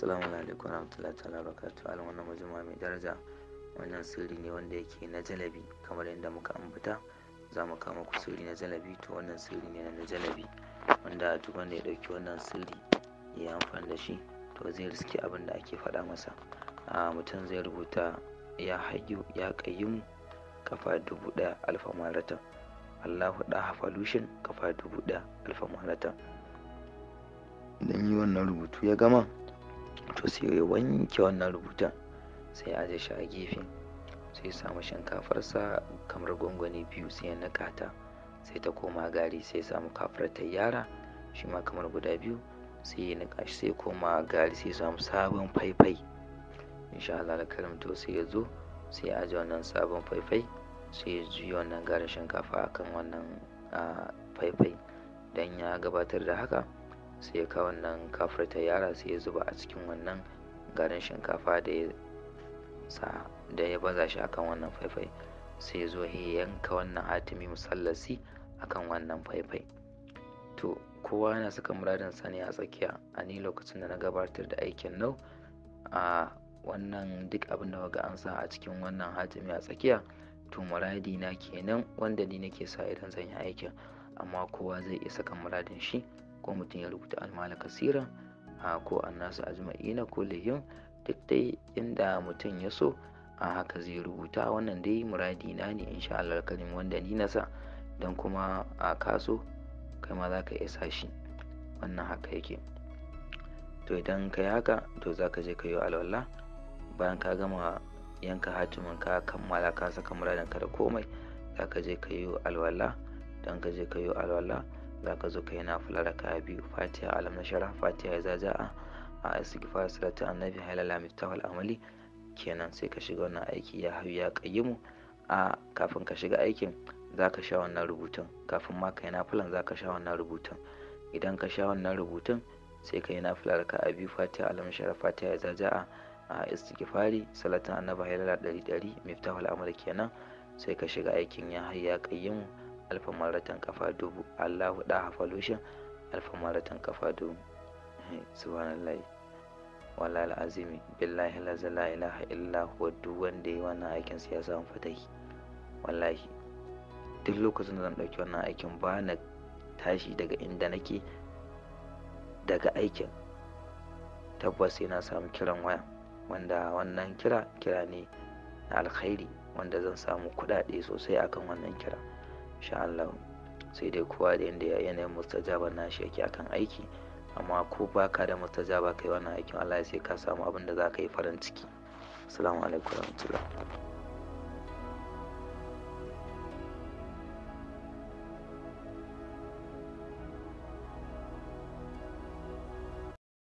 Assalamu alaikum warahmatullahi ta'ala barakatuh alin wannan majuma mai daraja wannan sirri ne wanda yake na jalabi kamar yadda muka ambata za mu kama ku sirri na jalabi to wannan sirri ne na jalabi wanda duk wanda ya ɗauki wannan sirri ya amfani da shi to zai riski abin da ake faɗa masa a mutum zai rubuta ya hayyu ya qayyum kafa dubu ɗaya alfa maratan Allahu da hafalushin kafa dubu ɗaya alfa maratan idan yi wannan rubutu ya gama to sai ya wanke wannan rubutun sai ya shi a gefe sai ya samu shinkafarsa kamar gwangwani biyu sai ya niƙa ta sai ta koma gari sai samu kafar ta yara shi ma kamar guda biyu sai ya shi sai koma gari sai samu sabon faifai insha Allah da karim to sai ya zo sai ya aje wannan sabon faifai sai ya juya wannan garin shinkafa akan wannan faifai dan ya gabatar da haka sai ya kawo wannan kafar ta yara sai ya zuba a cikin wannan garin shinkafa da ya sa da ya baza shi akan wannan faifai sai ya zo ya yanka wannan hatimi musallasi akan wannan faifai to kowa yana saka muradin ne a tsakiya a ni lokacin da na gabatar da aikin nau a wannan duk abin da ga an sa a cikin wannan hatimi a tsakiya to muradi na kenan wanda ni nake sa idan zan yi aikin amma kowa zai iya saka muradin shi ko mutum ya rubuta almala kasira ko annasu ajma'ina ko lihim duk dai inda mutum ya so a haka zai rubuta wannan dai muradi na ne insha Allah karim wanda ni na sa dan kuma a kaso kai ma zaka iya shi wannan haka yake to idan kai haka to zaka je ka yi alwala bayan ka gama yanka hatimin ka kammala ka saka muradin ka da komai zaka je ka yi alwala dan ka je ka yi alwala za ka zo ka yi nafila raka biyu fatiha alam na shara fatiha ya zaja'a a istighfar salatu annabi halala miftahul al'amali kenan sai ka shiga wannan aiki ya hau ya mu a kafin ka shiga aikin za ka sha wannan rubutun kafin ma ka yi nafilan za ka sha wannan rubutun idan ka sha wannan rubutun sai ka yi nafila raka biyu fatiha alam shara fatiha ya zaja'a a istighfari salatin annabi halala ɗari ɗari miftahul al'amali kenan sai ka shiga aikin ya hau kayi mu. alfa maratan kafa dubu allahu daha falushin alfa maratan kafa dubu eh, subhanallahi wallahi azimi billahi la ilaha illa huwa duk wanda yi wannan aikin sai ya samu fatahi wallahi duk lokacin da zan ɗauki wannan aikin ba na tashi daga inda nake daga aikin tabbas sai na samu kiran waya wanda wannan kira kira ne na alkhairi wanda zan samu kuɗaɗe sosai akan wannan kira insha Allah sai dai kowa da yanda yanayin mustajaba na shi yake akan aiki amma ko baka da mustajaba kai wannan aikin Allah sai ka samu abin da za ka yi farin ciki assalamu alaikum warahmatullahi